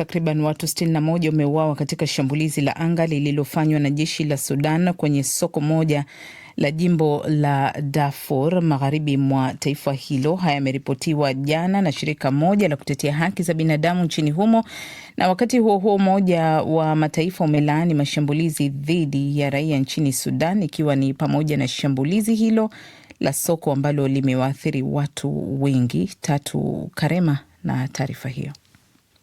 Takriban watu 61 wameuawa katika shambulizi la anga lililofanywa na jeshi la Sudan kwenye soko moja la jimbo la Darfur magharibi mwa taifa hilo. Haya yameripotiwa jana na shirika moja la kutetea haki za binadamu nchini humo, na wakati huo huo Umoja wa Mataifa umelaani mashambulizi dhidi ya raia nchini Sudan, ikiwa ni pamoja na shambulizi hilo la soko ambalo limewaathiri watu wengi. Tatu Karema na taarifa hiyo.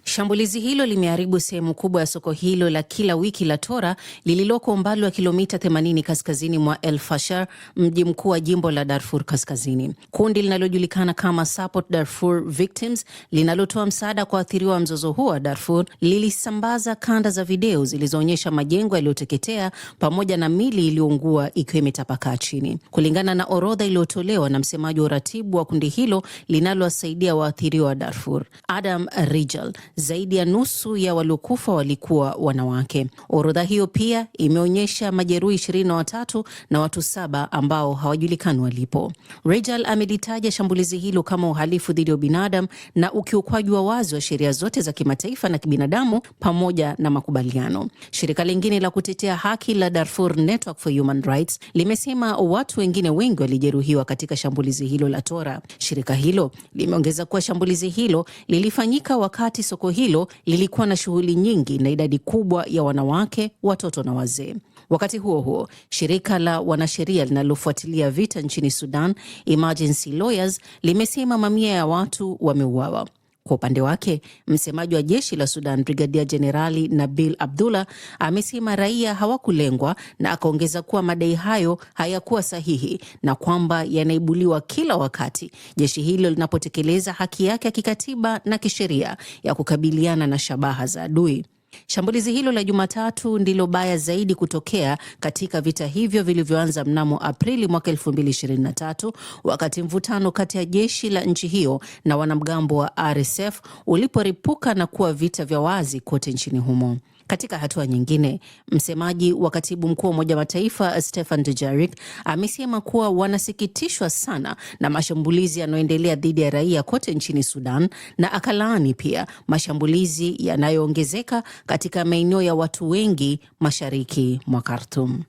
Shambulizi hilo limeharibu sehemu kubwa ya soko hilo la kila wiki la Tora lililoko umbali wa kilomita 80 kaskazini mwa El Fasher, mji mkuu wa jimbo la Darfur Kaskazini. Kundi linalojulikana kama Support Darfur Victims linalotoa msaada kwa athiriwa wa mzozo huo wa Darfur lilisambaza kanda za video zilizoonyesha majengo yaliyoteketea pamoja na mili iliyoungua ikiwa imetapakaa chini, kulingana na orodha iliyotolewa na msemaji wa uratibu wa kundi hilo linalowasaidia waathiriwa wa Darfur Adam Rijal zaidi ya nusu ya waliokufa walikuwa wanawake. Orodha hiyo pia imeonyesha majeruhi ishirini na watatu na watu saba ambao hawajulikani walipo. Rejal amelitaja shambulizi hilo kama uhalifu dhidi ya ubinadam na ukiukwaji wa wazi wa sheria zote za kimataifa na kibinadamu pamoja na makubaliano. Shirika lingine la kutetea haki la Darfur Network for Human Rights limesema watu wengine wengi walijeruhiwa katika shambulizi hilo la Tora. Shirika hilo limeongeza kuwa shambulizi hilo lilifanyika wakati soko soko hilo lilikuwa na shughuli nyingi na idadi kubwa ya wanawake, watoto na wazee. Wakati huo huo, shirika la wanasheria linalofuatilia vita nchini Sudan, Emergency Lawyers, limesema mamia ya watu wameuawa. Kwa upande wake, msemaji wa jeshi la Sudan, Brigadia Jenerali Nabil Abdullah amesema raia hawakulengwa na akaongeza kuwa madai hayo hayakuwa sahihi na kwamba yanaibuliwa kila wakati jeshi hilo linapotekeleza haki yake ya kikatiba na kisheria ya kukabiliana na shabaha za adui. Shambulizi hilo la Jumatatu ndilo baya zaidi kutokea katika vita hivyo vilivyoanza mnamo Aprili mwaka 2023 wakati mvutano kati ya jeshi la nchi hiyo na wanamgambo wa RSF uliporipuka na kuwa vita vya wazi kote nchini humo. Katika hatua nyingine, msemaji wa katibu mkuu wa Umoja wa Mataifa Stefan Dujarric amesema kuwa wanasikitishwa sana na mashambulizi yanayoendelea dhidi ya raia kote nchini Sudan na akalaani pia mashambulizi yanayoongezeka katika maeneo ya watu wengi mashariki mwa Khartoum.